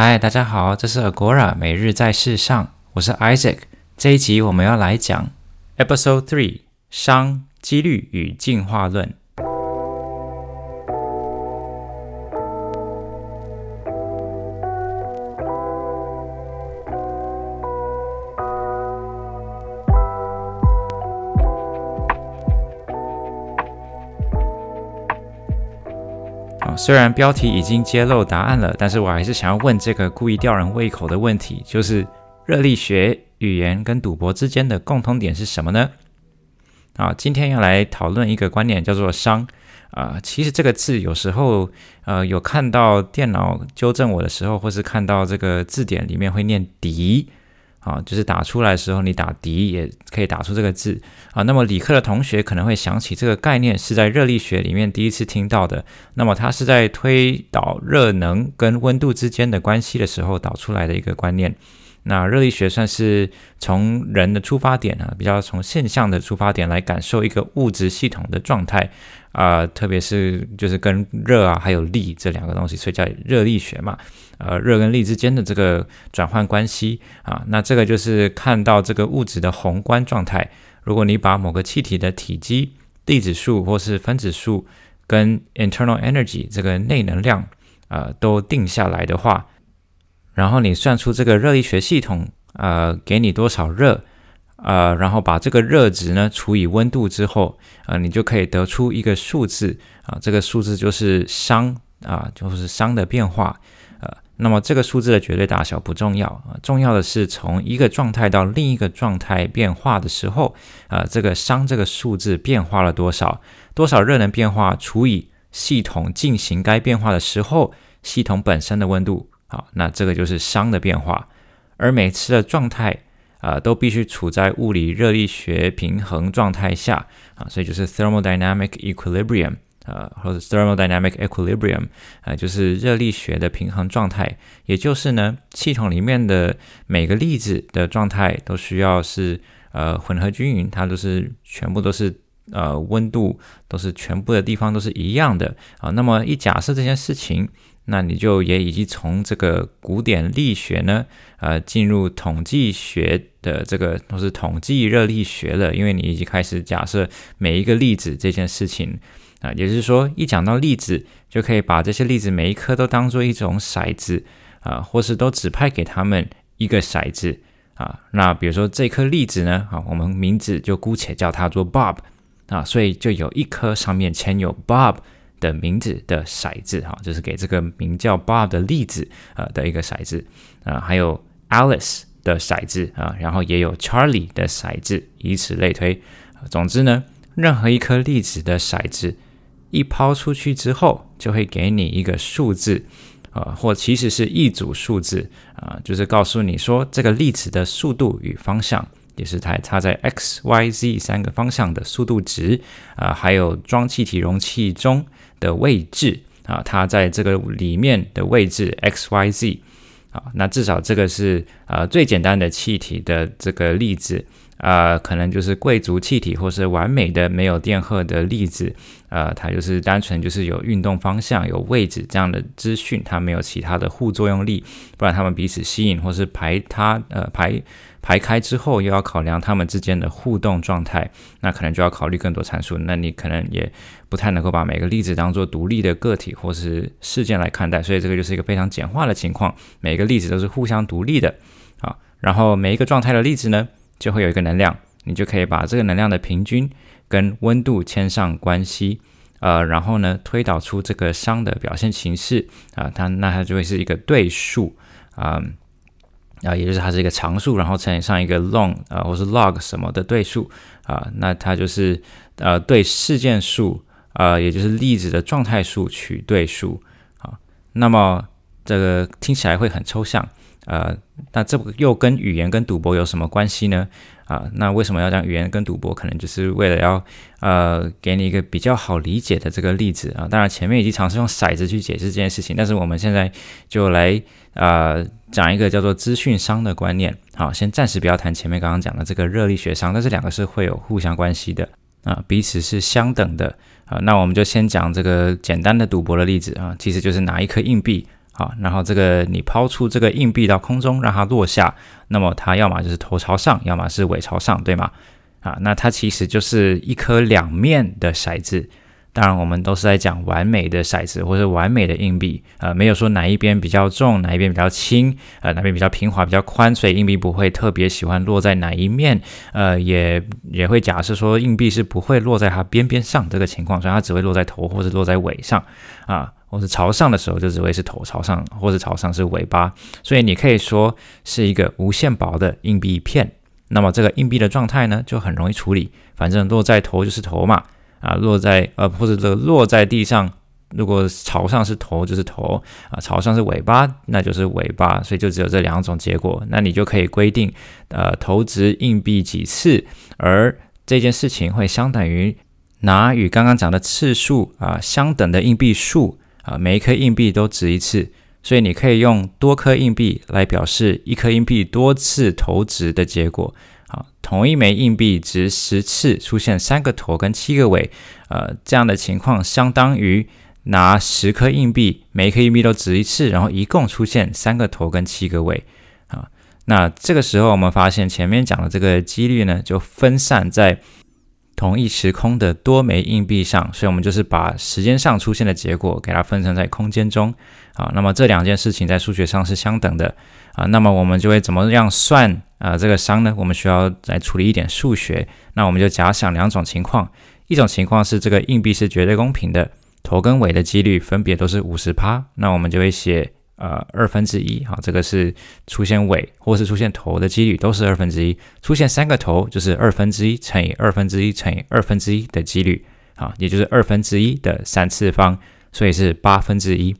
嗨，大家好，這是 Agora 每日在世上，我是 Isaac。這一集我們要來講 Episode Three：熵、幾率與進化論。雖然標題已經揭露答案了，但是我還是想要問這個故意吊人胃口的問題，就是熱力學、語言跟賭博之間的共通點是什麼呢？好、啊，今天要來討論一個觀念，叫做“熵”。啊，其實這個字有時候，呃，有看到電腦糾正我的時候，或是看到這個字典裡面會念“迪”。啊，就是打出來的時候，你打“敵”也可以打出這個字啊。那麼理科的同學可能會想起這個概念是在熱力學裡面第一次聽到的。那麼它是在推導熱能跟溫度之間的關係的時候導出來的一個觀念。那熱力學算是從人的出發點啊，比較從現象的出發點來感受一個物質系統的狀態啊、呃，特別是就是跟熱啊還有力這兩個東西，所以叫熱力學嘛。呃，熱跟力之間的這個轉換關係啊，那這個就是看到這個物質的宏觀狀態。如果你把某個氣體的體積、粒子數或是分子數跟 internal energy 這個內能量啊、呃、都定下來的話，然後你算出這個熱力學系統，呃，給你多少熱，呃，然後把這個熱值呢除以溫度之後，啊、呃，你就可以得出一個數字，啊、呃，這個數字就是熵，啊、呃，就是熵的變化，呃，那麼這個數字的絕對大小不重要、呃，重要的是從一個狀態到另一個狀態變化的時候，啊、呃，這個熵這個數字變化了多少，多少熱能變化除以系統進行該變化的時候，系統本身的溫度。好，那這個就是熵的變化，而每次的狀態啊、呃，都必須處在物理熱力學平衡狀態下啊，所以就是 thermodynamic equilibrium 啊，或者 thermodynamic equilibrium 啊，就是熱力學的平衡狀態，也就是呢，系統裡面的每個粒子的狀態都需要是呃混合均勻，它都是全部都是。呃，溫度都是全部的地方都是一樣的啊。那麼一假設這件事情，那你就也已經從這個古典力學呢，呃、啊，進入統計學的這個，或是統計熱力學了。因為你已經開始假設每一個粒子這件事情啊，也就是說，一講到粒子，就可以把這些粒子每一顆都當做一種骰子啊，或是都指派給他們一個骰子啊。那比如說這顆粒子呢，啊，我們名字就姑且叫它做 Bob。啊，所以就有一顆上面簽有 Bob 的名字的骰子，哈、啊，就是給這個名叫 Bob 的粒子，呃、啊，的一個骰子，啊，還有 Alice 的骰子，啊，然後也有 Charlie 的骰子，以此類推。啊、總之呢，任何一顆粒子的骰子一拋出去之後，就會給你一個數字，啊，或其實是一組數字，啊，就是告訴你說這個粒子的速度與方向。也是它在 x、y、z 三個方向的速度值啊、呃，還有裝氣體容器，中的位置啊，它在這個裡面的位置 x、y、z 啊，那至少這個是啊、呃、最簡單的氣體的這個粒子啊、呃，可能就是貴族氣體或是完美的沒有電荷的粒子。呃，它就是單純就是有運動方向、有位置這樣的資訊，它沒有其他的互作用力，不然它們彼此吸引或是排它，呃排排開之後又要考量它們之間的互動狀態，那可能就要考慮更多參數。那你可能也不太能夠把每個粒子當做獨立的個體或是事件來看待，所以這個就是一個非常簡化的情況，每個粒子都是互相獨立的啊。然後每一個狀態的粒子呢，就會有一個能量，你就可以把這個能量的平均。跟溫度簽上關係，呃，然後呢，推導出這個熵的表現形式啊，它那它就會是一個對數啊，啊、呃呃，也就是它是一個常數，然後乘上一個 log n、呃、啊，或是 log 什麼的對數啊、呃，那它就是呃對事件數呃，也就是粒子的狀態數取對數啊。那麼這個聽起來會很抽象，呃，那這又跟語言跟賭博有什麼關係呢？啊，那為什麼要講語言跟賭博？可能就是為了要，呃，給你一個比較好理解的這個例子啊。當然，前面已經嘗試用骰子去解釋這件事情，但是我們現在就來，呃，講一個叫做資訊熵的觀念。好，先暫時不要談前面剛剛講的這個熱力學熵，但是兩個是會有互相關係的啊，彼此是相等的啊。那我們就先講這個簡單的賭博的例子啊，其實就是拿一顆硬幣。好，然後這個你拋出這個硬幣到空中讓它落下，那麼它要麼就是頭朝上，要麼是尾朝上，對嗎？啊，那它其實就是一顆兩面的骰子。當然，我們都是在講完美的骰子或者完美的硬幣，呃，沒有說哪一邊比較重，哪一邊比較輕，呃，哪邊比較平滑、比較寬，所以硬幣不會特別喜歡落在哪一面，呃，也也會假設說硬幣是不會落在它邊邊上這個情況，所以它只會落在頭或者落在尾上，啊。或是朝上的時候，就只會是頭朝上，或是朝上是尾巴，所以你可以說是一個無限薄的硬幣片。那麼這個硬幣的狀態呢，就很容易處理。反正落在頭就是頭嘛，啊，落在呃，或者這個落在地上，如果朝上是頭就是頭啊，朝上是尾巴那就是尾巴，所以就只有這兩種結果。那你就可以規定，呃，投擲硬幣幾次，而這件事情會相等於拿與剛剛講的次數啊相等的硬幣數。啊，每一顆硬幣都擲一次，所以你可以用多顆硬幣來表示一顆硬幣多次投擲的結果。啊，同一枚硬幣擲十次出現三個頭跟七個尾，呃，這樣的情況相當於拿十顆硬幣，每一顆硬幣都擲一次，然後一共出現三個頭跟七個尾。啊，那這個時候我們發現前面講的這個幾率呢，就分散在。同一時空的多枚硬幣上，所以我們就是把時間上出現的結果給它分成在空間中啊，那麼這兩件事情在數學上是相等的啊，那麼我們就會怎麼樣算啊這個熵呢？我們需要來處理一點數學，那我們就假想兩種情況，一種情況是這個硬幣是絕對公平的，頭跟尾的幾率分別都是五十趴，那我們就會寫。呃，二分之一哈，這個是出現尾或是出現頭的幾率都是二分之一。出現三個頭就是二分之一乘以二分之一乘以二分之一的幾率啊，也就是二分之一的三次方，所以是八分之一。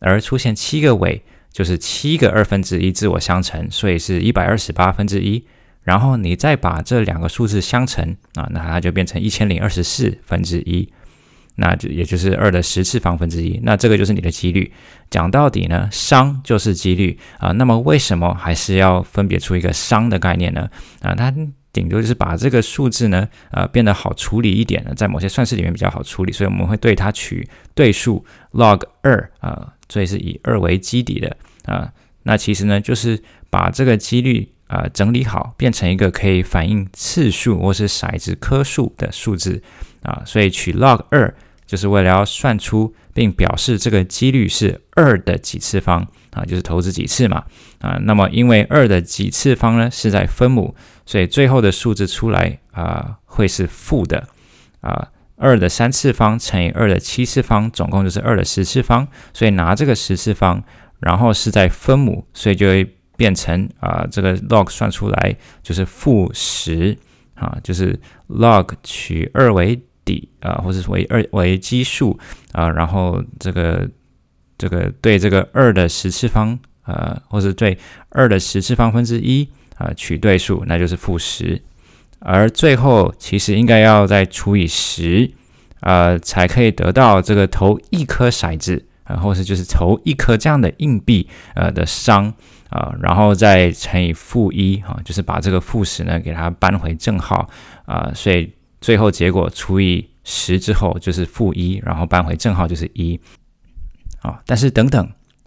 而出現七個尾就是七個二分之一自我相乘，所以是一百二十八分之一。然後你再把這兩個數字相乘啊，那它就變成一千零二十四分之一。那就也就是二的十次方分之一，那這個就是你的幾率。講到底呢，熵就是幾率啊。那麼為什麼還是要分別出一個熵的概念呢？啊，它頂多就是把這個數字呢，啊，變得好處理一點呢，在某些算式裡面比較好處理。所以我們會對它取對數，log 二啊，所以是以二為基底的啊。那其實呢，就是把這個幾率啊整理好，變成一個可以反映次數或是骰子顆數的數字。啊，所以取 log 二，就是為了要算出並表示這個幾率是二的幾次方啊，就是投資幾次嘛啊，那麼因為二的幾次方呢是在分母，所以最後的數字出來啊會是負的啊，二的三次方乘以二的七次方，總共就是二的十次方，所以拿這個十次方，然後是在分母，所以就會變成啊這個 log 算出來就是負十啊，就是 log 取二為底啊，呃，或者是為二為基數啊、呃，然後這個這個對這個二的十次方啊、呃，或是對二的十次方分之一啊，呃、取對數，那就是負十，而最後其實應該要再除以十啊、呃，才可以得到這個投一顆骰子啊、呃，或是就是投一顆這樣的硬幣呃的商啊、呃，然後再乘以負一啊，就是把這個負十呢給它扳回正號啊、呃，所以。最後結果除以十之後就是負一，然後扳回正號就是一，啊，但是等等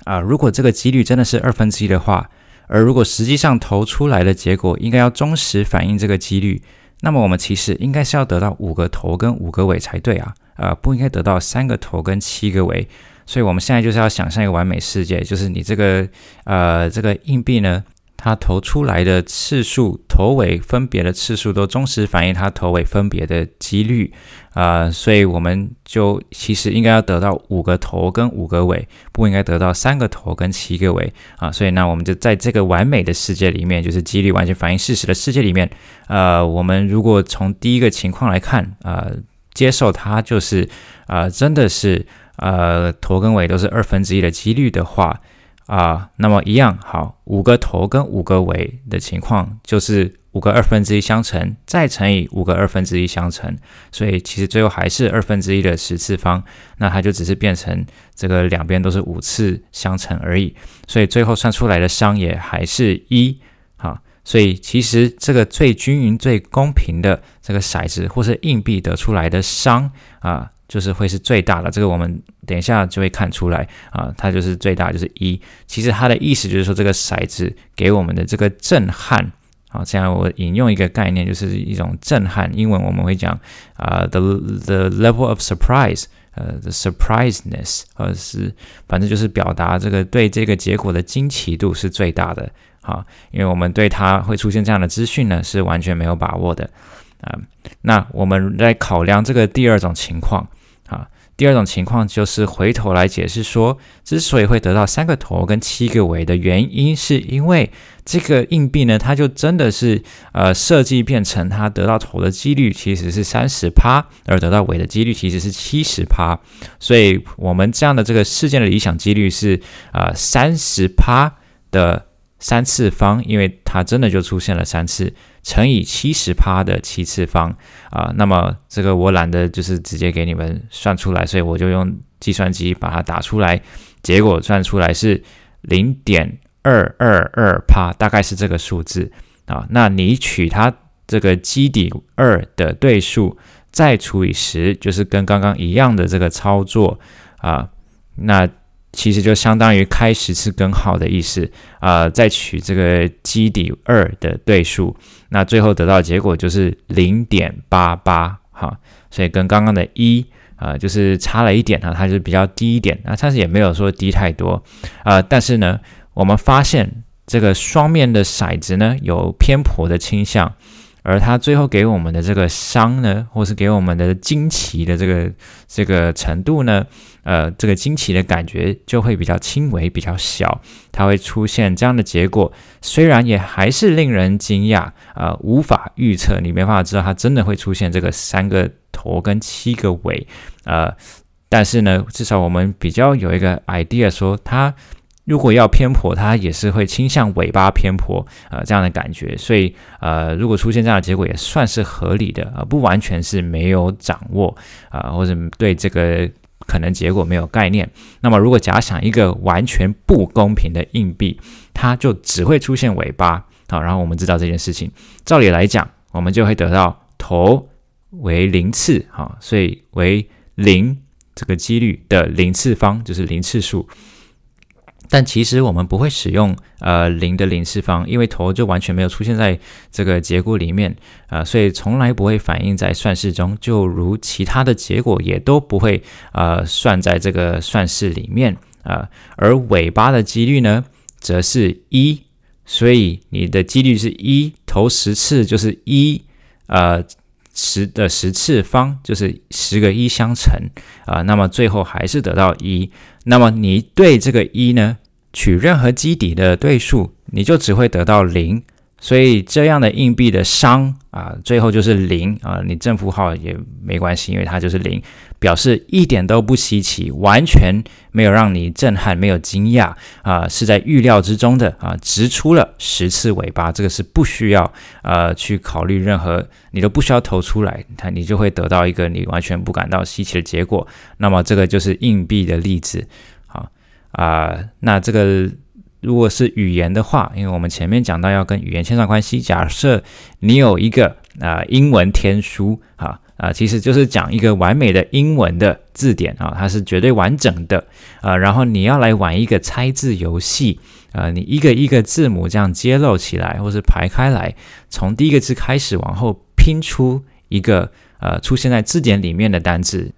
啊，呃，如果這個幾率真的是二分之一的話，而如果實際上投出來的結果應該要忠實反映這個幾率，那麼我們其實應該是要得到五個頭跟五個尾才對啊，呃，不應該得到三個頭跟七個尾，所以我們現在就是要想象一個完美世界，就是你這個呃這個硬幣呢。它投出來的次數，頭尾分別的次數都忠實反映它頭尾分別的幾率啊，呃，所以我們就其實應該要得到五個頭跟五個尾，不應該得到三個頭跟七個尾啊，所以呢，我們就在這個完美的世界裡面，就是幾率完全反映事實的世界裡面，呃，我們如果從第一個情況來看，啊，呃，接受它就是，呃，真的是，呃，頭跟尾都是二分之一的幾率的話。啊，那麼一樣好，五個頭跟五個尾的情況，就是五個二分之一相乘，再乘以五個二分之一相乘，所以其實最後還是二分之一的十次方，那它就只是變成這個兩邊都是五次相乘而已，所以最後算出來的商也還是一啊，所以其實這個最均勻、最公平的這個骰子或是硬幣得出來的商啊。就是會是最大的，這個我們等一下就會看出來啊，它就是最大，就是一。其實它的意思就是說，這個骰子給我們的這個震撼，啊，這樣我引用一個概念，就是一種震撼。英文我們會講啊，the the level of surprise，呃、啊，the surprise ness，啊、是，反正就是表達這個對這個結果的驚奇度是最大的啊，因為我們對它會出現這樣的資訊呢，是完全沒有把握的。啊，那我們來考量這個第二種情況啊。第二種情況就是回頭來解釋說，之所以會得到三個頭跟七個尾的原因，是因為這個硬幣呢，它就真的是呃設計變成它得到頭的幾率其實是三十趴，而得到尾的幾率其實是七十趴。所以我們這樣的這個事件的理想幾率是啊三十趴的三次方，因為它真的就出現了三次，乘以七十趴的七次方啊。那麽這個我懶得就是直接給你們算出來，所以我就用計算機把它打出來，結果算出來是零點二二二趴，大概是這個數字啊。那你取它這個基底二的對數，再除以十，就是跟剛剛一樣的這個操作啊。那其實就相當於開十次根號的意思啊，呃，再取這個基底二的對數，那最後得到結果就是零點八八哈，所以跟剛剛的一啊，呃，就是差了一點哈，它就是比較低一點，那但是也沒有說低太多啊，呃。但是呢，我們發現這個雙面的骰子呢，有偏頗的傾向。而它最後給我們的這個熵呢，或是給我們的驚奇的這個這個程度呢，呃，這個驚奇的感覺就會比較輕微、比較小。它會出現這樣的結果，雖然也還是令人驚訝啊，呃，無法預測，你沒辦法知道它真的會出現這個三個頭跟七個尾，呃，但是呢，至少我們比較有一個 idea 說它。如果要偏頗，它也是會傾向尾巴偏頗，呃，這樣的感覺，所以，呃，如果出現這樣的結果，也算是合理的，呃，不完全是沒有掌握，啊、呃，或者對這個可能結果沒有概念。那麼，如果假想一個完全不公平的硬幣，它就只會出現尾巴，好，然後我們知道這件事情，照理來講，我們就會得到頭為零次，啊，所以為零，這個幾率的零次方就是零次數。但其實我們不會使用呃零的零次方，因為頭就完全沒有出現在這個結果裡面啊、呃，所以從來不會反映在算式中。就如其他的結果也都不會呃算在這個算式裡面啊、呃，而尾巴的幾率呢，則是一，所以你的幾率是一，投十次就是一，呃，呃，十的十次方就是十個一相乘啊、呃，那麼最後還是得到一。那麼你對這個一呢，取任何基底的對數，你就只會得到零，所以這樣的硬幣的熵啊，最後就是零啊，你正負號也沒關係，因為它就是零，表示一點都不稀奇，完全沒有讓你震撼，沒有驚訝啊，是在預料之中的啊，擲出了十次尾巴，這個是不需要呃、啊、去考慮任何，你都不需要投出來，你你就會得到一個你完全不感到稀奇的結果，那麼這個就是硬幣的例子。啊、呃，那這個如果是語言的話，因為我們前面講到要跟語言線上牽上關係。假設你有一個啊、呃、英文天書啊啊、呃，其實就是講一個完美的英文的字典啊，它是絕對完整的啊。然後你要來玩一個猜字遊戲啊，你一個一個字母這樣揭露起來，或是排開來，從第一個字開始往後拼出一個呃出現在字典裡面的單字。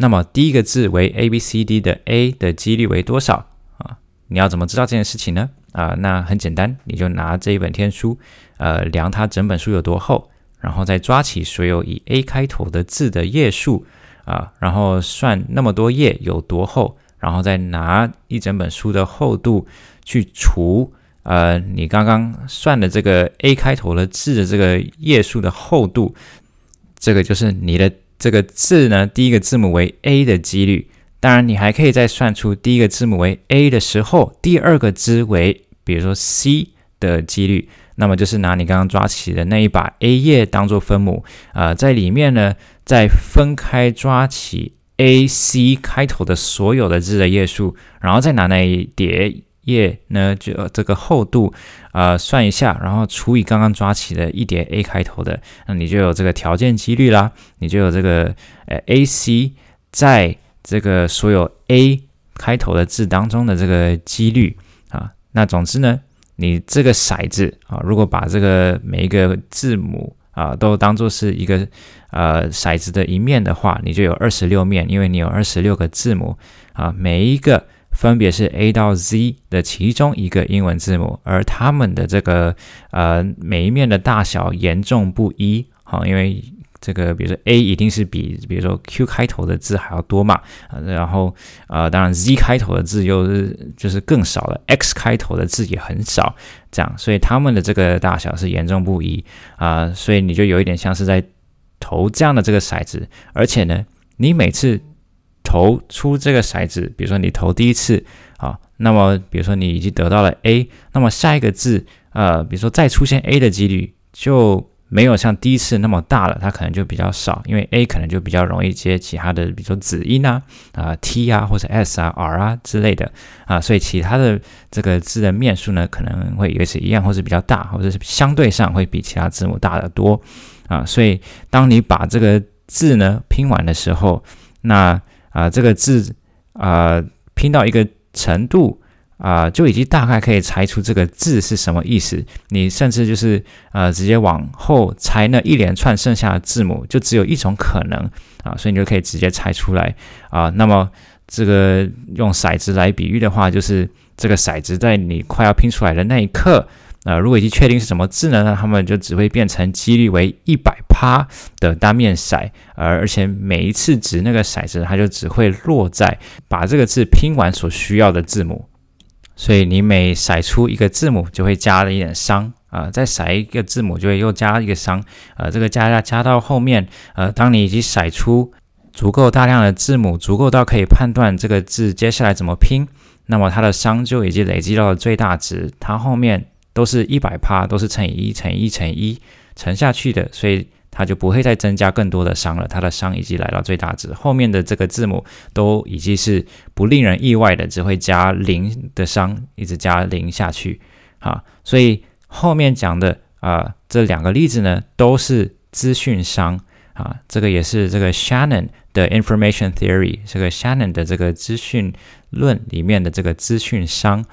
那麼第一個字為 A B C D 的 A 的幾率為多少啊？你要怎麼知道這件事情呢？啊，那很簡單，你就拿這一本天書，呃，量它整本書有多厚，然後再抓起所有以 A 開頭的字的頁數啊，然後算那麼多頁有多厚，然後再拿一整本書的厚度去除，呃，你剛剛算的這個 A 開頭的字的這個頁數的厚度，這個就是你的。這個字呢，第一個字母為 A 的幾率，當然你還可以再算出第一個字母為 A 的時候，第二個字為，比如說 C 的幾率，那麼就是拿你剛剛抓起的那一把 A 頁當做分母，啊、呃，在裡面呢再分開抓起 A C 開頭的所有的字的頁數，然後再拿那一疊。頁、yeah, 呢就這個厚度啊、呃，算一下，然後除以剛剛抓起的一疊 A 開頭的，那你就有這個條件幾率啦，你就有這個呃 AC 在這個所有 A 開頭的字當中的這個幾率啊。那總之呢，你這個骰子啊，如果把這個每一個字母啊都當做是一個呃骰子的一面的話，你就有二十六面，因為你有二十六個字母啊，每一個。分別是 A 到 Z 的其中一個英文字母，而他們的這個呃每一面的大小嚴重不一，哈、啊，因為這個比如說 A 一定是比比如說 Q 開頭的字還要多嘛，啊、然後呃當然 Z 開頭的字又是就是更少了，X 開頭的字也很少，這樣，所以他們的這個大小是嚴重不一啊，所以你就有一點像是在投這樣的這個骰子，而且呢，你每次，投出這個骰子，比如說你投第一次啊，那麼比如說你已經得到了 A，那麼下一個字，呃，比如說再出現 A 的幾率就沒有像第一次那麼大了，它可能就比較少，因為 A 可能就比較容易接其他的，比如說子音啊啊、呃、T 啊或者 S 啊 R 啊之類的啊，所以其他的這個字的面數呢可能會也是一樣，或是比較大，或者是相對上會比其他字母大得多啊，所以當你把這個字呢拼完的時候，那啊、呃，這個字啊、呃、拼到一個程度啊、呃，就已經大概可以猜出這個字是什麼意思。你甚至就是呃，直接往後猜那一連串剩下的字母，就只有一種可能啊，所以你就可以直接猜出來啊。那麼這個用骰子來比喻的話，就是這個骰子在你快要拼出來的那一刻。啊、呃，如果已經確定是什麼字呢？那他們就只會變成幾率為一百趴的單面骰，而、呃、而且每一次擲那個骰子，它就只會落在把這個字拼完所需要的字母。所以你每骰出一個字母，就會加了一點熵啊、呃，再骰一個字母，就會又加一個熵。呃，這個加加加到後面，呃，當你已經骰出足夠大量的字母，足夠到可以判斷這個字接下來怎麼拼，那麼它的熵就已經累積到了最大值，它後面。都是一百趴，都是乘以一、乘以一、乘一、乘下去的，所以它就不會再增加更多的熵了。它的熵已經來到最大值，後面的這個字母都已經是不令人意外的，只會加零的熵，一直加零下去啊。所以後面講的啊，這兩個例子呢，都是資訊熵。啊，這個也是這個 Shannon 的 Information Theory，這個 Shannon 的這個資訊論裡面的這個資訊熵，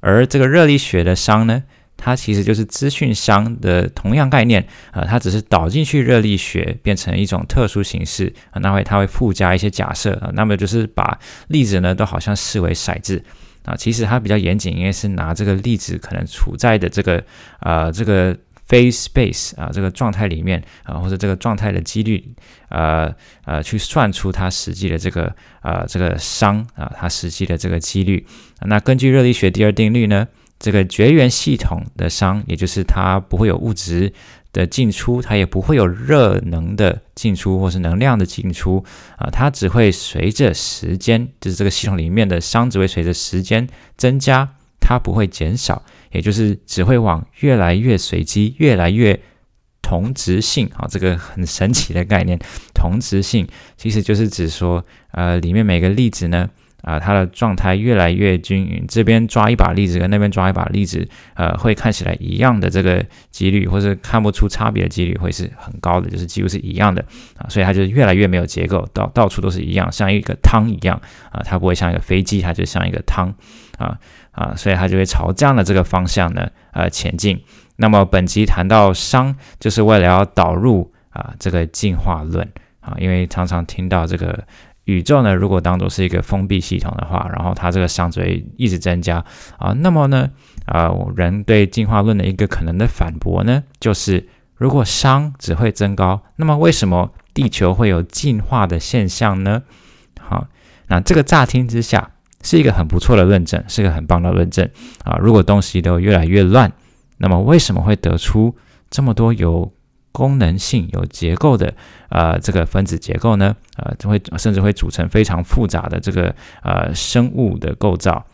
而這個熱力學的熵呢？它其實就是資訊熵的同樣概念啊、呃，它只是導進去熱力學變成一種特殊形式啊，那、呃、會它會附加一些假設啊、呃，那麼就是把粒子呢都好像視為骰子啊，其實它比較嚴謹應該是拿這個粒子可能處在的這個啊、呃、這個 phase space 啊、呃、這個狀態裡面啊、呃、或者這個狀態的幾率啊啊、呃呃、去算出它實際的這個啊、呃、這個熵啊、呃、它實際的這個幾率、呃，那根據熱力學第二定律呢？這個絕緣系統的熵，也就是它不會有物質的進出，它也不會有熱能的進出，或是能量的進出啊，它只會隨着時間，就是這個系統裡面的熵只會隨着時間增加，它不會減少，也就是只會往越來越隨機、越來越同質性啊，這個很神奇的概念，同質性其實就是指說，呃，裡面每個粒子呢。啊，它的狀態越來越均勻，這邊抓一把粒子跟那邊抓一把粒子，呃，會看起來一樣的這個幾率，或是看不出差別的幾率會是很高的，就是幾乎是一樣的啊，所以它就越來越沒有結構，到到處都是一樣，像一個湯一樣啊，它不會像一個飛機，它就像一個湯啊啊，所以它就會朝這樣的這個方向呢，呃，前進。那麼本集談到熵，就是為了要導入啊這個進化論啊，因為常常聽到這個。宇宙呢，如果當做是一個封閉系統的話，然後它這個熵只會一直增加啊，那麼呢，啊、呃，人對進化論的一個可能的反駁呢，就是如果熵只會增高，那麼為什麼地球會有進化的現象呢？好，那這個乍聽之下是一個很不錯的論證，是個很棒的論證啊。如果東西都越來越亂，那麼為什麼會得出這麼多有？功能性有結構的啊、呃，這個分子結構呢，啊、呃，就會甚至會組成非常複雜的這個呃生物的構造。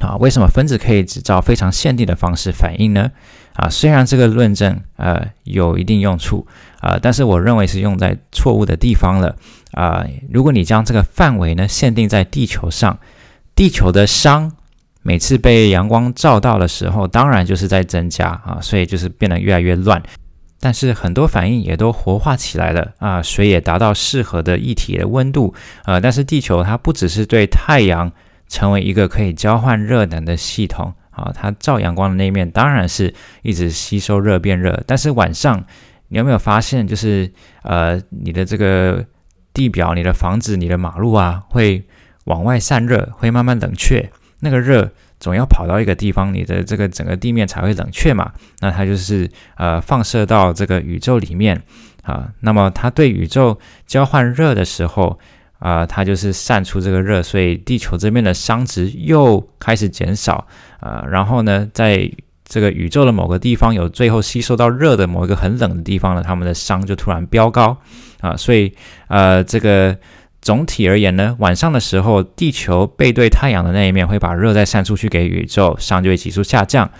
啊，為什麼分子可以只照非常限定的方式反應呢？啊，雖然這個論證呃有一定用處啊，但是我認為是用在錯誤的地方了啊。如果你將這個範圍呢限定在地球上，地球的熵每次被陽光照到的時候，當然就是在增加啊，所以就是變得越來越亂。但是很多反應也都活化起來了啊，水也達到適合的液體的溫度啊、呃。但是地球它不只是對太陽成為一個可以交換熱能的系統啊，它照陽光的那一面當然是一直吸收熱變熱。但是晚上你有沒有發現，就是呃你的這個地表、你的房子、你的馬路啊，會往外散熱，會慢慢冷卻那個熱。總要跑到一個地方，你的這個整個地面才會冷卻嘛。那它就是呃放射到這個宇宙裡面啊、呃。那麼它對宇宙交換熱的時候啊、呃，它就是散出這個熱，所以地球這邊的熵值又開始減少啊、呃。然後呢，在這個宇宙的某個地方有最後吸收到熱的某一個很冷的地方呢，它們的熵就突然飆高啊、呃。所以呃這個。總體而言呢，晚上的時候，地球背對太陽的那一面會把熱再散出去給宇宙，熵就會急速下降。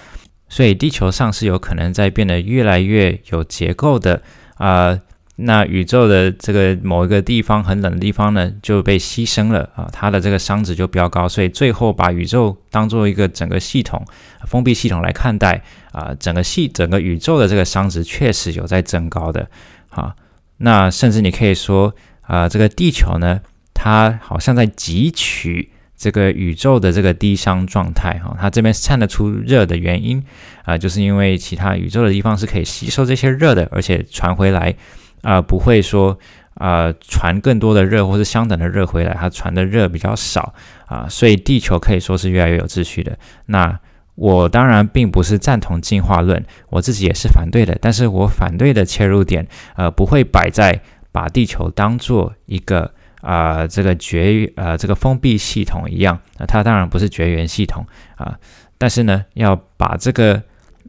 所以地球上是有可能在變得越來越有結構的啊、呃。那宇宙的這個某一個地方很冷的地方呢，就被犧牲了啊，它的這個熵值就比較高，所以最後把宇宙當做一個整個系統封閉系統來看待啊，整個系整個宇宙的這個熵值確實有在增高的啊。那甚至你可以說。啊、呃，這個地球呢，它好像在汲取這個宇宙的這個低熵狀態哈、哦，它這邊散得出熱的原因啊、呃，就是因為其他宇宙的地方是可以吸收這些熱的，而且傳回來啊、呃，不會說啊、呃、傳更多的熱或是相等的熱回來，它傳的熱比較少啊、呃，所以地球可以說是越來越有秩序的。那我當然並不是贊同進化論，我自己也是反對的，但是我反對的切入點呃，不會擺在。把地球當做一個啊、呃，這個絕啊、呃，這個封閉系統一樣啊，它當然不是絕緣系統啊，但是呢，要把這個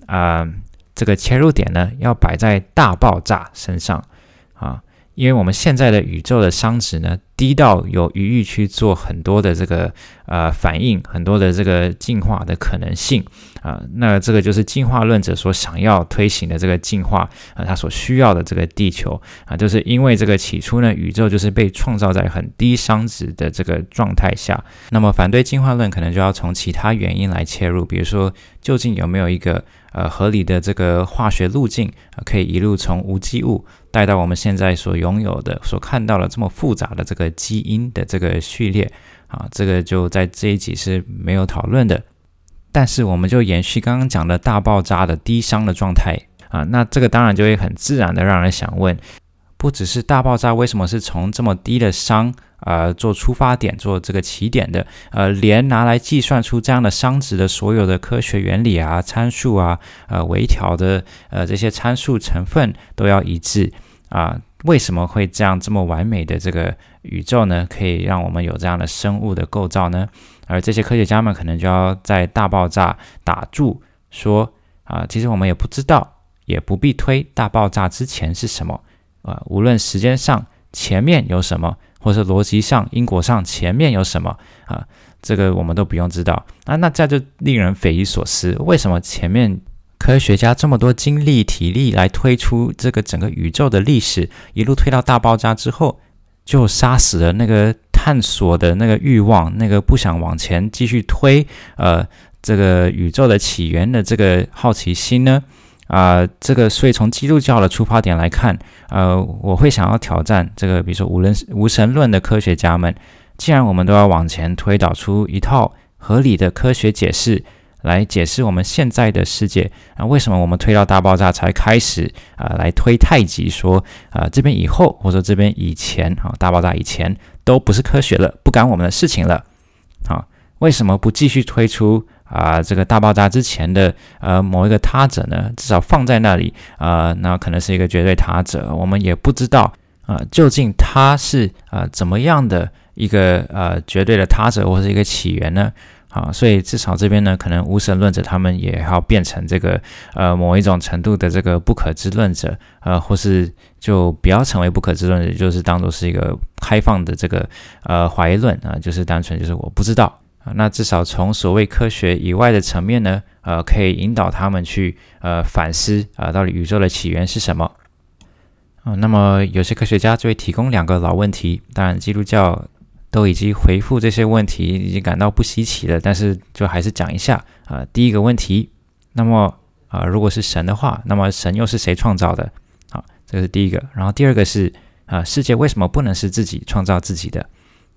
啊，這個切入點呢，要擺在大爆炸身上啊，因為我們現在的宇宙的熵值呢，低到有餘裕去做很多的這個呃反應，很多的這個進化的可能性啊、呃，那這個就是進化論者所想要推行的這個進化啊、呃，他所需要的這個地球啊、呃，就是因為這個起初呢，宇宙就是被創造在很低熵值的這個狀態下。那麼反對進化論可能就要從其他原因來切入，比如說究竟有沒有一個呃合理的這個化學路徑、呃、可以一路從無機物帶到我們現在所擁有的、所看到的這麼複雜的這個。基因的這個序列啊，這個就在這一集是沒有討論的。但是，我們就延續剛剛講的大爆炸的低熵的狀態啊，那這個當然就會很自然的讓人想問：不只是大爆炸為什麼是從這麼低的熵啊，呃，做出發點做這個起點的？呃，連拿來計算出這樣的熵值的所有的科學原理啊、參數啊、呃、微調的呃這些參數成分都要一致啊，呃，為什麼會這樣這麼完美的這個？宇宙呢，可以讓我們有這樣的生物的構造呢，而這些科學家們可能就要在大爆炸打住說，說啊，其實我們也不知道，也不必推大爆炸之前是什麼，啊，無論時間上前面有什麼，或是邏輯上因果上前面有什麼啊，這個我們都不用知道。那那這就令人匪夷所思，為什麼前面科學家這麼多精力體力來推出這個整個宇宙的歷史，一路推到大爆炸之後？就殺死了那個探索的那個慾望，那個不想往前繼續推，呃，這個宇宙的起源的這個好奇心呢，啊、呃，這個，所以從基督教的出發點來看，呃，我會想要挑戰這個，比如說無論無神論的科學家們，既然我們都要往前推導出一套合理的科學解釋，來解釋我們現在的世界啊？為什麼我們推到大爆炸才開始啊？來推太極說啊，這邊以後或者這邊以前啊，大爆炸以前都不是科學了，不干我們的事情了。啊，為什麼不繼續推出啊？這個大爆炸之前的呃、啊、某一個他者呢？至少放在那裡啊，那可能是一個絕對他者，我們也不知道啊，究竟他是啊怎麼樣的一個呃、啊、絕對的他者或者是一個起源呢？啊，所以至少這邊呢，可能無神論者他們也要變成這個呃、某一種程度的這個不可知論者，呃，或是就不要成為不可知論者，就是當做是一個開放的這個呃懷疑論啊、呃，就是單純就是我不知道啊。那至少從所謂科學以外的層面呢，呃，可以引導他們去呃反思啊、呃，到底宇宙的起源是什麼啊。那麼有些科學家就會提供兩個老問題，當然基督教。都已經回復這些問題，已經感到不稀奇了。但是就還是講一下啊、呃，第一個問題，那麼啊、呃，如果是神的話，那麼神又是誰創造的？啊，這是第一個。然後第二個是啊、呃，世界為什麼不能是自己創造自己的？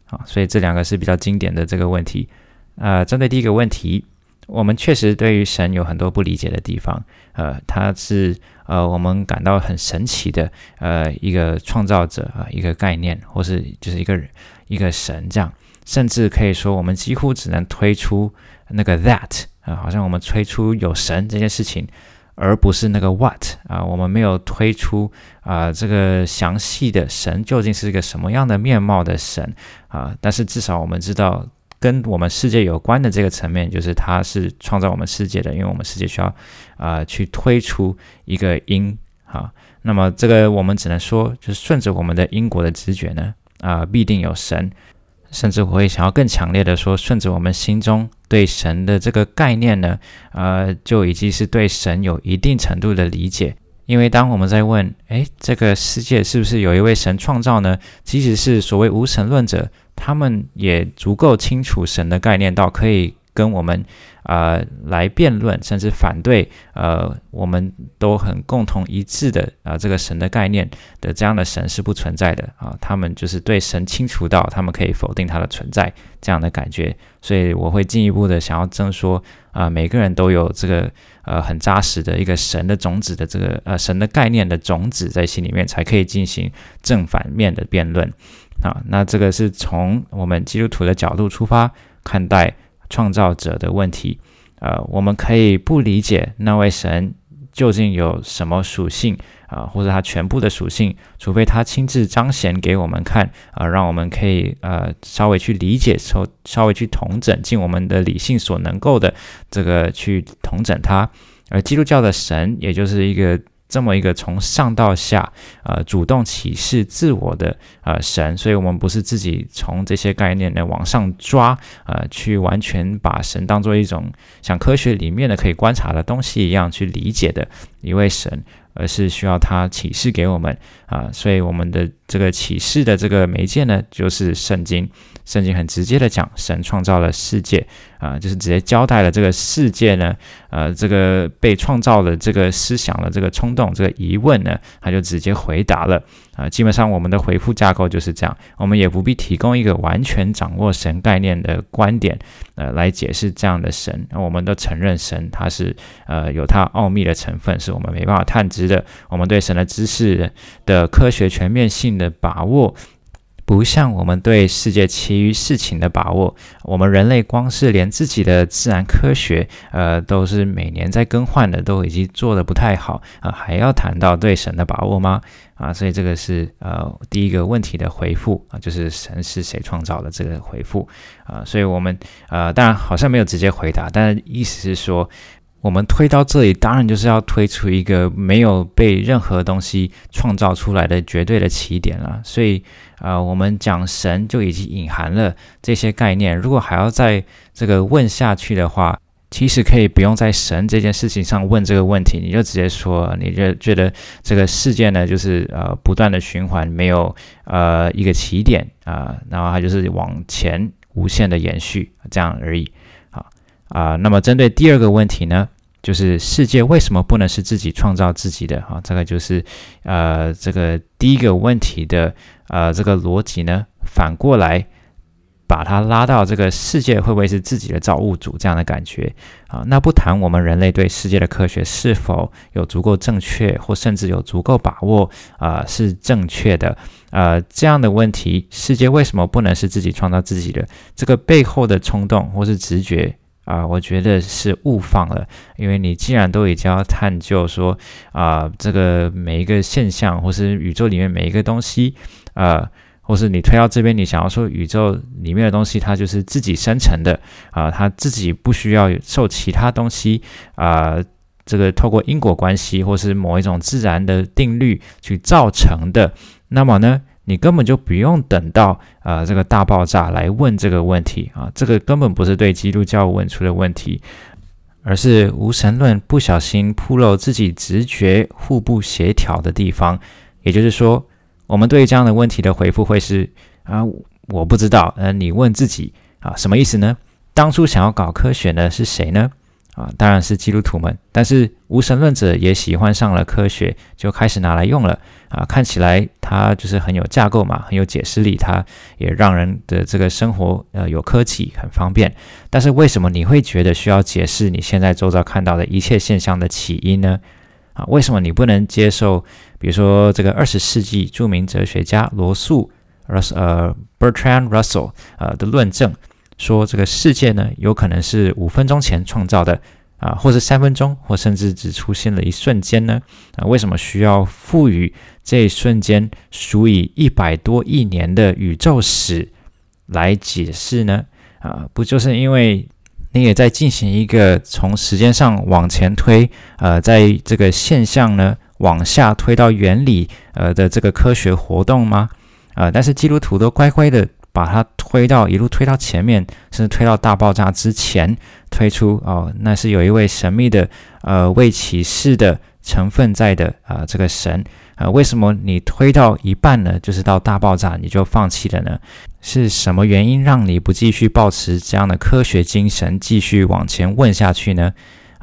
啊，所以這兩個是比較經典的這個問題。啊、呃，針對第一個問題，我們確實對於神有很多不理解的地方。呃，他是呃我們感到很神奇的呃一個創造者啊、呃，一個概念，或是就是一個人。一個神這樣，甚至可以說，我們幾乎只能推出那個 that 啊、呃，好像我們推出有神這件事情，而不是那個 what 啊、呃，我們沒有推出啊、呃、這個詳細的神究竟是一個什麼樣的面貌的神啊、呃，但是至少我們知道跟我們世界有關的這個層面，就是它是創造我們世界的，因為我們世界需要啊、呃、去推出一個因啊，那麼這個我們只能說，就是順着我們的因果的直覺呢。啊、呃，必定有神，甚至我會想要更強烈的說，順着我們心中對神的這個概念呢，呃，就已經是對神有一定程度的理解。因為當我們在問，哎，這個世界是不是有一位神創造呢？即使是所謂無神論者，他們也足夠清楚神的概念到可以。跟我們啊、呃、來辯論，甚至反對，呃，我們都很共同一致的啊、呃，這個神的概念的這樣的神是不存在的啊，他們就是對神清楚到，他們可以否定它的存在這樣的感覺，所以我會進一步的想要證說啊、呃，每個人都有這個呃很扎實的一個神的種子的這個呃神的概念的種子在心裡面，才可以進行正反面的辯論啊，那這個是從我們基督徒的角度出發看待創造者的問題，呃，我們可以不理解那位神究竟有什麼屬性啊、呃，或者他全部的屬性，除非他親自彰顯給我們看，啊、呃，讓我們可以呃稍微去理解，稍稍微去統整，盡我們的理性所能夠的這個去統整他。而基督教的神，也就是一個。這麼一個從上到下，呃，主動啟示自我的呃神，所以我們不是自己從這些概念呢往上抓，呃，去完全把神當做一種像科學裡面的可以觀察的東西一樣去理解的一位神，而是需要他啟示給我們啊，呃，所以我們的。這個啟示的這個媒介呢，就是聖經。聖經很直接的講，神創造了世界啊、呃，就是直接交代了這個世界呢，呃，這個被創造了這個思想的這個衝動、這個疑問呢，他就直接回答了啊、呃。基本上我們的回復架構就是這樣，我們也不必提供一個完全掌握神概念的觀點呃來解釋這樣的神。我們都承認神他是呃有他奧秘的成分，是我們沒辦法探知的。我們對神的知識的科學全面性，的把握不像我們對世界其餘事情的把握，我們人類光是連自己的自然科學，呃，都是每年在更換的，都已經做得不太好啊，呃，還要談到對神的把握嗎？啊，所以這個是呃第一個問題的回覆啊，就是神是誰創造的這個回覆啊，所以我們呃當然好像沒有直接回答，但是意思是說。我們推到這裡，當然就是要推出一個沒有被任何東西創造出來的絕對的起點了。所以，啊、呃，我們講神就已經隱含了這些概念。如果還要再這個問下去的話，其實可以不用在神這件事情上問這個問題，你就直接說，你就覺得這個事件呢，就是呃不斷的循環，沒有呃一個起點啊、呃，然後它就是往前無限的延續這樣而已。好啊、呃，那麼針對第二個問題呢？就是世界為什麼不能是自己創造自己的啊？這個就是，呃，這個第一個問題的，呃，這個邏輯呢，反過來把它拉到這個世界會不會是自己的造物主這樣的感覺啊？那不談我們人類對世界的科學是否有足夠正確，或甚至有足夠把握啊，呃，是正確的，呃，這樣的問題，世界為什麼不能是自己創造自己的？這個背後的衝動或是直覺。啊、呃，我覺得是誤放了，因為你既然都已經要探究說，啊、呃，這個每一個現象，或是宇宙裡面每一個東西，呃，或是你推到這邊，你想要說宇宙裡面的東西它就是自己生成的，啊、呃，它自己不需要受其他東西，啊、呃，這個透過因果關係，或是某一種自然的定律去造成的，那麼呢？你根本就不用等到啊、呃、這個大爆炸來問這個問題啊，這個根本不是對基督教問出的問題，而是無神論不小心暴露自己直覺互不協調的地方。也就是說，我們對這樣的問題的回復會是啊，我不知道，嗯，你問自己啊什麼意思呢？當初想要搞科學的是誰呢？啊，當然是基督徒們，但是無神論者也喜歡上了科學，就開始拿來用了。啊，看起來它就是很有架構嘛，很有解釋力，它也讓人的這個生活呃有科技，很方便。但是為什麼你會覺得需要解釋你現在周遭看到的一切現象的起因呢？啊，為什麼你不能接受，比如說這個二十世紀著名哲學家羅素，Russ 呃 Bertrand Russell 呃的論證？說這個世界呢，有可能是五分鐘前創造的啊、呃，或是三分鐘，或甚至只出現了一瞬間呢？啊、呃，為什麼需要賦予這一瞬間屬於一百多億年的宇宙史來解釋呢？啊、呃，不就是因為你也在進行一個從時間上往前推，呃，在這個現象呢往下推到原理呃的這個科學活動嗎？啊、呃，但是基督徒都乖乖的。把它推到一路推到前面，甚至推到大爆炸之前推出哦，那是有一位神秘的呃未啟示的成分在的啊、呃，這個神啊、呃，為什麼你推到一半呢，就是到大爆炸你就放棄了呢？是什麼原因讓你不繼續保持這樣的科學精神，繼續往前問下去呢？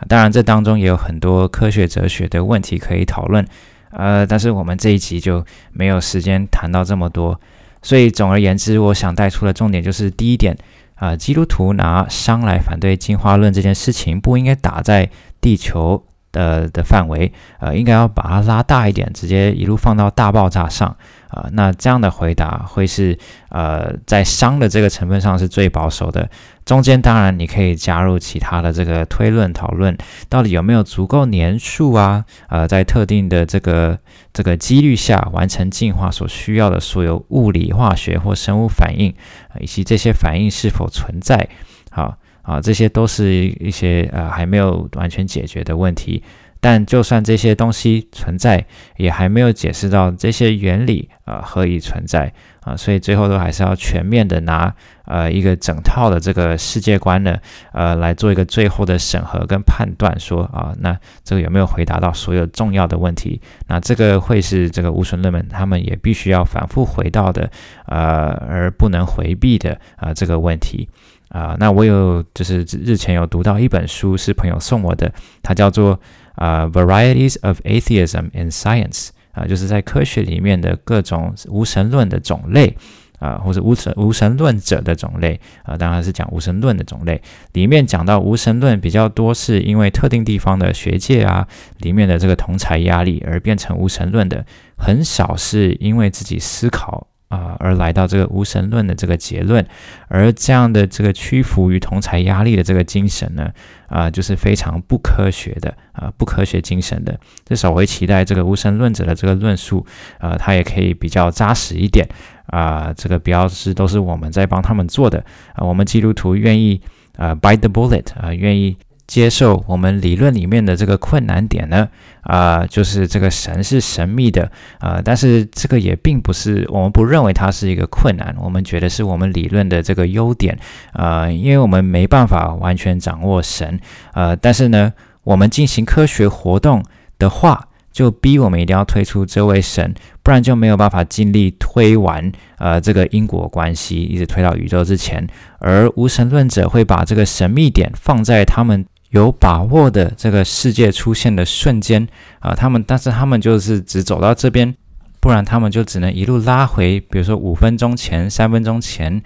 當然這當中也有很多科學哲學的問題可以討論，呃，但是我們這一集就沒有時間談到這麼多。所以，總而言之，我想帶出的重點就是第一點啊、呃，基督徒拿熵來反對進化論這件事情，不應該打在地球的的範圍，呃，應該要把它拉大一點，直接一路放到大爆炸上啊、呃。那這樣的回答會是呃，在熵的這個成分上是最保守的。中間當然你可以加入其他的這個推論討論，到底有沒有足夠年數啊？呃，在特定的這個這個幾率下完成進化所需要的所有物理化學或生物反應，呃、以及這些反應是否存在，好、啊。啊，這些都是一些呃還沒有完全解決的問題，但就算這些東西存在，也還沒有解釋到這些原理啊、呃、何以存在啊，所以最後都還是要全面的拿呃一個整套的這個世界觀呢，呃來做一個最後的審核跟判斷說，說啊那這個有沒有回答到所有重要的問題？那這個會是這個無神論們，他們也必須要反覆回到的呃，而不能回避的啊、呃、這個問題。啊、呃，那我有就是日前有讀到一本書，是朋友送我的，它叫做《啊、呃、Varieties of Atheism in Science、呃》啊，就是在科學裡面的各種無神論的種類啊、呃，或是無神無神論者的種類啊、呃，當然是講無神論的種類。裡面講到無神論比較多是因為特定地方的學界啊裡面的這個同儕壓力而變成無神論的，很少是因為自己思考，啊，而來到這個無神論的這個結論，而這樣的這個屈服於同儕壓力的這個精神呢，啊、呃，就是非常不科學的啊、呃，不科學精神的。至少我會期待這個無神論者的這個論述啊，他、呃、也可以比較紮實一點啊、呃。這個標誌都是我們在幫他們做的啊、呃，我們基督徒願意啊 bite the bullet 啊、呃，願意。接受我們理論裡面的這個困難點呢，啊、呃，就是這個神是神秘的，啊、呃，但是這個也並不是我們不認為它是一個困難，我們覺得是我們理論的這個優點，啊、呃，因為我們沒辦法完全掌握神，呃，但是呢，我們進行科學活動的話，就逼我們一定要推出這位神，不然就沒有辦法盡力推完，呃，這個因果關係一直推到宇宙之前，而無神論者會把這個神秘點放在他們有把握的這個世界出現的瞬間啊，他們，但是他們就是只走到這邊，不然他們就只能一路拉回，比如說五分鐘前、三分鐘前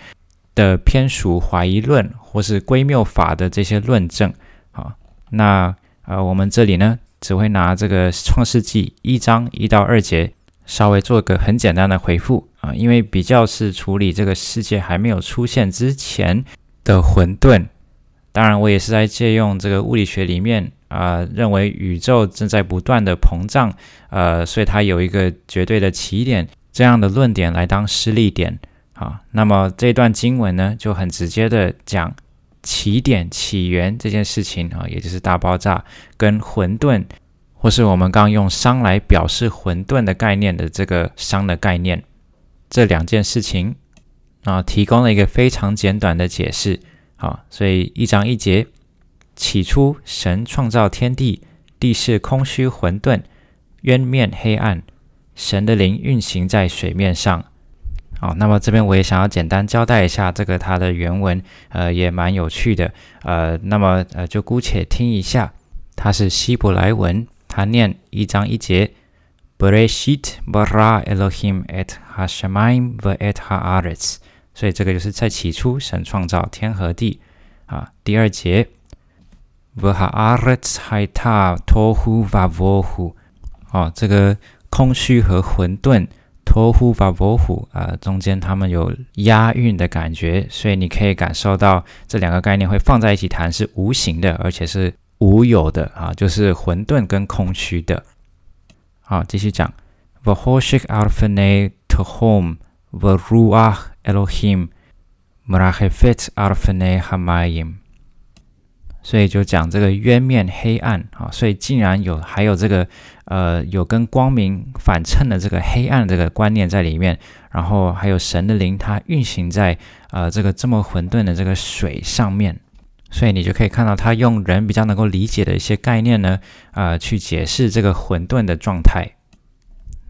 的偏屬懷疑論或是歸謬法的這些論證啊，好，那啊、呃、我們這裡呢，只會拿這個創世紀一章一到二節稍微做個很簡單的回復啊，因為比較是處理這個世界還沒有出現之前的混沌。當然，我也是在借用這個物理學裡面啊，呃，認為宇宙正在不斷的膨脹，呃，所以它有一個絕對的起點這樣的論點來當施力點啊。那麼這段經文呢，就很直接的講起點、起源這件事情啊，也就是大爆炸跟混沌，或是我們剛剛用熵來表示混沌的概念的這個熵的概念這兩件事情啊，提供了一個非常簡短的解釋。好，所以一章一節，起初神創造天地，地是空虛混沌，淵面黑暗，神的靈運行在水面上。好，那麼這邊我也想要簡單交代一下這個它的原文，呃，也蠻有趣的，呃，那麼呃就姑且聽一下，它是希伯來文，它念一章一節，בראשית ברא אלהים את השמים ואת הארץ 所以這個就是在起初，神創造天和地，啊，第二節，vaharet haeta tohu va'vohu，啊，這個空虛和混沌，tohu va'vohu，啊，中間他們有押韻的感覺，所以你可以感受到這兩個概念會放在一起談是無形的，而且是無有的啊，就是混沌跟空虛的。好，啊，繼續講，vahoshik alfanei tohom vruach Elohim, merahefit arfene hamayim 所以就講這個淵面黑暗啊，所以竟然有還有這個呃有跟光明反襯的這個黑暗的這個觀念在裡面，然後還有神的靈它運行在呃這個這麼混沌的這個水上面，所以你就可以看到他用人比較能夠理解的一些概念呢啊，呃，去解釋這個混沌的狀態。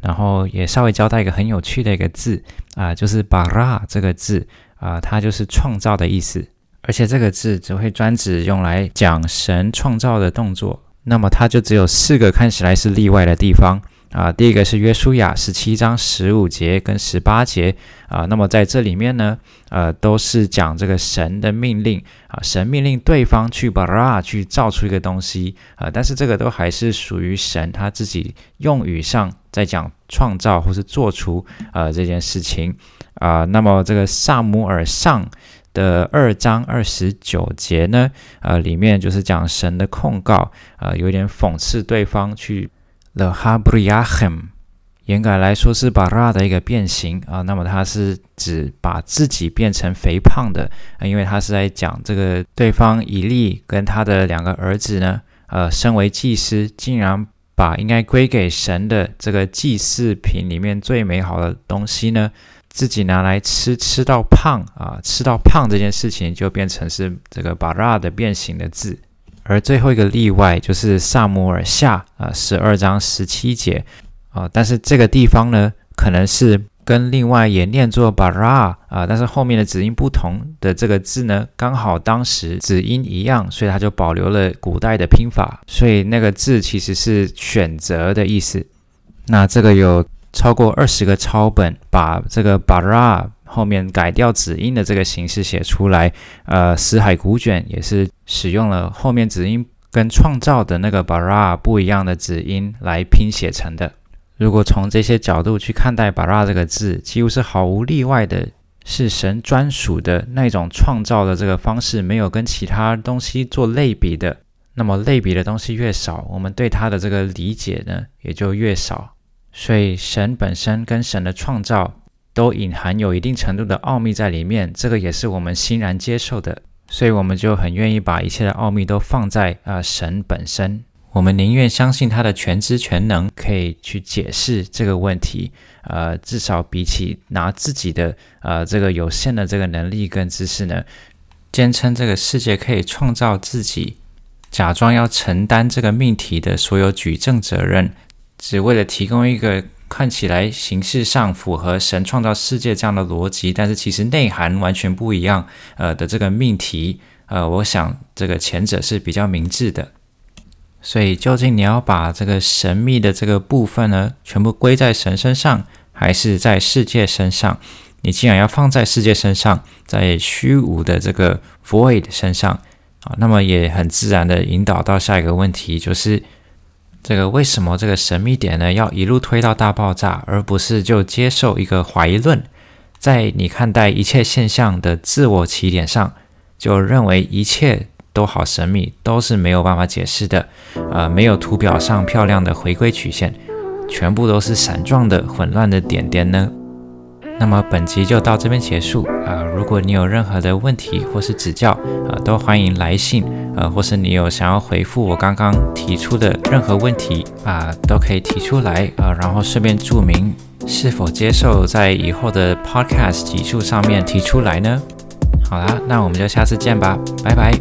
然後也稍微交代一個很有趣的一個字啊、呃，就是 bara 這個字啊、呃，它就是創造的意思。而且這個字只會專指用來講神創造的動作。那麼它就只有四個看起來是例外的地方啊、呃。第一個是約書亞十七章十五節跟十八節啊、呃，那麼在這裡面呢，呃，都是講這個神的命令啊、呃，神命令對方去 bara 去造出一個東西啊、呃，但是這個都還是屬於神他自己用語上。在講創造或是做出呃這件事情啊、呃，那麼這個撒母耳上的二章二十九節呢，呃，裡面就是講神的控告，呃，有點諷刺對方去，The Habriahim，嚴格來說是 Bara 的一個變形啊、呃，那麼它是指把自己變成肥胖的，呃，因為它是在講這個對方以利跟他的兩個兒子呢，呃，身為祭司竟然，把應該歸給神的這個祭祀品裡面最美好的東西呢，自己拿來吃，吃到胖啊，吃到胖這件事情就變成是這個把“辣”的變形的字。而最後一個例外就是撒母耳下啊十二章十七節啊，但是這個地方呢，可能是。跟另外也念作 bara，呃，啊，但是後面的子音不同的這個字呢，剛好當時子音一樣，所以它就保留了古代的拼法，所以那個字其實是選擇的意思。那這個有超過二十個抄本把這個 bara 後面改掉子音的這個形式寫出來，呃，《死海古卷》也是使用了後面子音跟創造的那個 bara 不一樣的子音來拼寫成的。如果從這些角度去看待“巴拉”這個字，幾乎是毫無例外的，是神專屬的那種創造的這個方式，沒有跟其他東西做類比的。那麼類比的東西越少，我們對他的這個理解呢也就越少。所以神本身跟神的創造都隱含有一定程度的奧秘在裡面，這個也是我們欣然接受的。所以我們就很願意把一切的奧秘都放在啊、呃、神本身。我們寧願相信他的全知全能可以去解釋這個問題，呃，至少比起拿自己的呃這個有限的這個能力跟知識呢，堅稱這個世界可以創造自己，假裝要承擔這個命題的所有舉證責任，只為了提供一個看起來形式上符合神創造世界這樣的邏輯，但是其實內涵完全不一樣呃的這個命題，呃，我想這個前者是比較明智的。所以，究竟你要把這個神秘的這個部分呢，全部歸在神身上，還是在世界身上？你既然要放在世界身上，在虛無的這個 void 身上啊，那麼也很自然的引導到下一個問題，就是這個為什麼這個神秘點呢，要一路推到大爆炸，而不是就接受一個懷疑論，在你看待一切現象的自我起點上，就認為一切。都好神秘，都是沒有辦法解釋的，呃，沒有圖表上漂亮的迴歸曲線，全部都是散狀的、混亂的點點呢。那麼本集就到這邊結束，啊、呃。如果你有任何的問題或是指教，啊、呃，都歡迎來信，啊、呃；或是你有想要回復我剛剛提出的任何問題，啊、呃，都可以提出來，啊、呃，然後順便註明是否接受在以後的 podcast 集數上面提出來呢。好啦，那我們就下次見吧，拜拜。